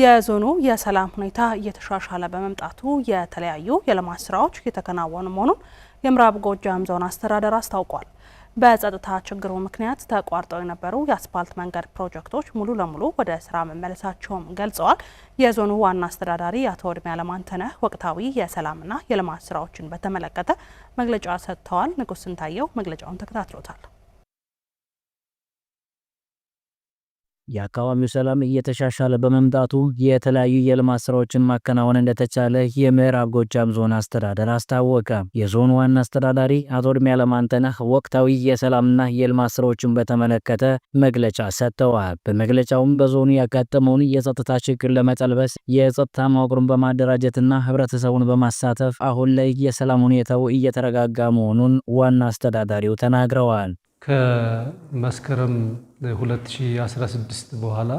የዞኑ የሰላም ሁኔታ እየተሻሻለ በመምጣቱ የተለያዩ የልማት ስራዎች እየተከናወኑ መሆኑን የምዕራብ ጎጃም ዞን አስተዳደር አስታውቋል። በጸጥታ ችግሩ ምክንያት ተቋርጠው የነበሩ የአስፓልት መንገድ ፕሮጀክቶች ሙሉ ለሙሉ ወደ ስራ መመለሳቸውም ገልጸዋል። የዞኑ ዋና አስተዳዳሪ አቶ ወድሜ አለማንተነህ ወቅታዊ የሰላምና የልማት ስራዎችን በተመለከተ መግለጫ ሰጥተዋል። ንጉስ ስንታየው መግለጫውን ተከታትሎታል። የአካባቢው ሰላም እየተሻሻለ በመምጣቱ የተለያዩ የልማት ስራዎችን ማከናወን እንደተቻለ የምዕራብ ጎጃም ዞን አስተዳደር አስታወቀ። የዞኑ ዋና አስተዳዳሪ አቶ ድሜ አንተነህ ወቅታዊ የሰላምና የልማት ስራዎችን በተመለከተ መግለጫ ሰጥተዋል። በመግለጫውም በዞኑ ያጋጠመውን የጸጥታ ችግር ለመጠልበስ የጸጥታ መዋቅሩን በማደራጀትና ህብረተሰቡን በማሳተፍ አሁን ላይ የሰላም ሁኔታው እየተረጋጋ መሆኑን ዋና አስተዳዳሪው ተናግረዋል። ከመስከረም 2016 በኋላ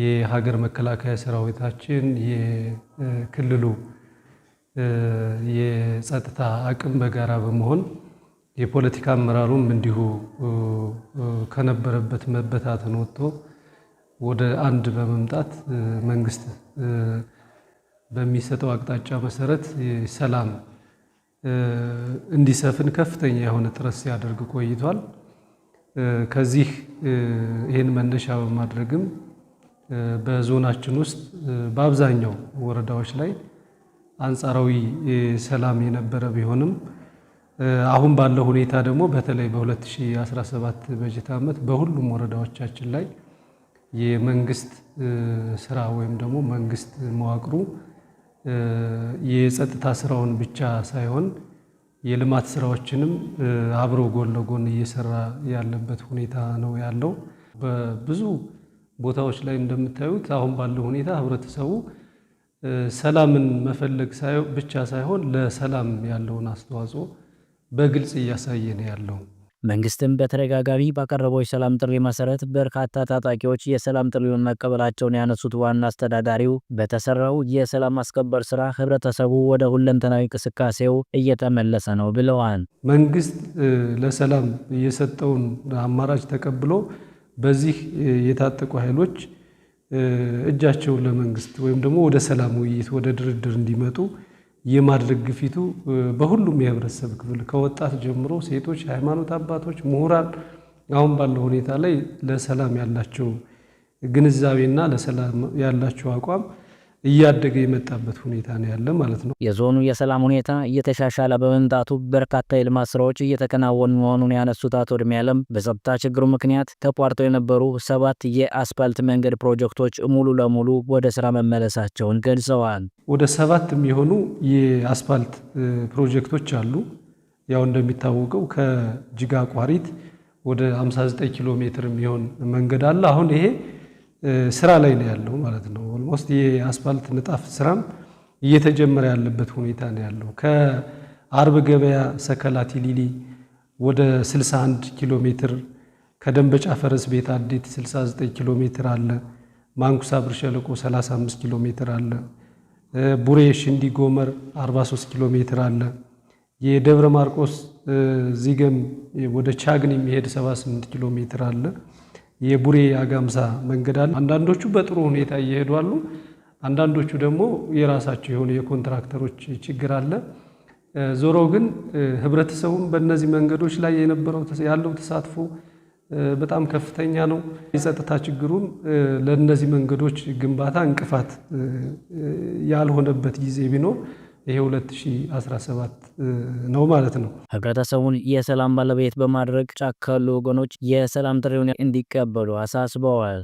የሀገር መከላከያ ሰራዊታችን የክልሉ የጸጥታ አቅም በጋራ በመሆን የፖለቲካ አመራሩም እንዲሁ ከነበረበት መበታተን ወጥቶ ወደ አንድ በመምጣት መንግስት በሚሰጠው አቅጣጫ መሰረት ሰላም እንዲሰፍን ከፍተኛ የሆነ ጥረት ሲያደርግ ቆይቷል። ከዚህ ይህን መነሻ በማድረግም በዞናችን ውስጥ በአብዛኛው ወረዳዎች ላይ አንጻራዊ ሰላም የነበረ ቢሆንም አሁን ባለው ሁኔታ ደግሞ በተለይ በ2017 በጀት ዓመት በሁሉም ወረዳዎቻችን ላይ የመንግስት ስራ ወይም ደግሞ መንግስት መዋቅሩ የጸጥታ ስራውን ብቻ ሳይሆን የልማት ስራዎችንም አብሮ ጎን ለጎን እየሰራ ያለበት ሁኔታ ነው ያለው። በብዙ ቦታዎች ላይ እንደምታዩት አሁን ባለው ሁኔታ ህብረተሰቡ ሰላምን መፈለግ ብቻ ሳይሆን ለሰላም ያለውን አስተዋጽኦ በግልጽ እያሳየ ነው ያለው። መንግስትም በተደጋጋሚ ባቀረበው የሰላም ጥሪ መሰረት በርካታ ታጣቂዎች የሰላም ጥሪውን መቀበላቸውን ያነሱት ዋና አስተዳዳሪው በተሰራው የሰላም ማስከበር ስራ ህብረተሰቡ ወደ ሁለንተናዊ እንቅስቃሴው እየተመለሰ ነው ብለዋል። መንግስት ለሰላም የሰጠውን አማራጭ ተቀብሎ በዚህ የታጠቁ ኃይሎች እጃቸውን ለመንግስት ወይም ደግሞ ወደ ሰላም ውይይት፣ ወደ ድርድር እንዲመጡ የማድረግ ግፊቱ በሁሉም የህብረተሰብ ክፍል ከወጣት ጀምሮ ሴቶች፣ ሃይማኖት አባቶች፣ ምሁራን አሁን ባለው ሁኔታ ላይ ለሰላም ያላቸው ግንዛቤና ለሰላም ያላቸው አቋም እያደገ የመጣበት ሁኔታ ነው ያለ ማለት ነው። የዞኑ የሰላም ሁኔታ እየተሻሻለ በመምጣቱ በርካታ የልማት ስራዎች እየተከናወኑ መሆኑን ያነሱት አቶ እድሜ ያለም በጸጥታ ችግሩ ምክንያት ተቋርጠው የነበሩ ሰባት የአስፓልት መንገድ ፕሮጀክቶች ሙሉ ለሙሉ ወደ ስራ መመለሳቸውን ገልጸዋል። ወደ ሰባት የሚሆኑ የአስፓልት ፕሮጀክቶች አሉ። ያው እንደሚታወቀው ከጅጋ ቋሪት ወደ 59 ኪሎ ሜትር የሚሆን መንገድ አለ። አሁን ይሄ ስራ ላይ ነው ያለው ማለት ነው። ኦልሞስት የአስፋልት ንጣፍ ስራም እየተጀመረ ያለበት ሁኔታ ነው ያለው። ከአርብ ገበያ ሰከላ ቲሊሊ ወደ 61 ኪሎ ሜትር ከደንበጫ ፈረስ ቤት አዴት 69 ኪሎ ሜትር አለ። ማንኩሳ ብር ሸለቆ 35 ኪሎ ሜትር አለ። ቡሬ ሽንዲ ጎመር 43 ኪሎ ሜትር አለ። የደብረ ማርቆስ ዚገም ወደ ቻግን የሚሄድ 78 ኪሎ ሜትር አለ። የቡሬ አጋምሳ መንገድ አለ። አንዳንዶቹ በጥሩ ሁኔታ እየሄዱ አሉ። አንዳንዶቹ ደግሞ የራሳቸው የሆነ የኮንትራክተሮች ችግር አለ። ዞሮ ግን ህብረተሰቡም በእነዚህ መንገዶች ላይ የነበረው ያለው ተሳትፎ በጣም ከፍተኛ ነው። የጸጥታ ችግሩም ለእነዚህ መንገዶች ግንባታ እንቅፋት ያልሆነበት ጊዜ ቢኖር ይሄ 2017 ነው ማለት ነው። ህብረተሰቡን የሰላም ባለቤት በማድረግ ጫካ ያሉ ወገኖች የሰላም ጥሪውን እንዲቀበሉ አሳስበዋል።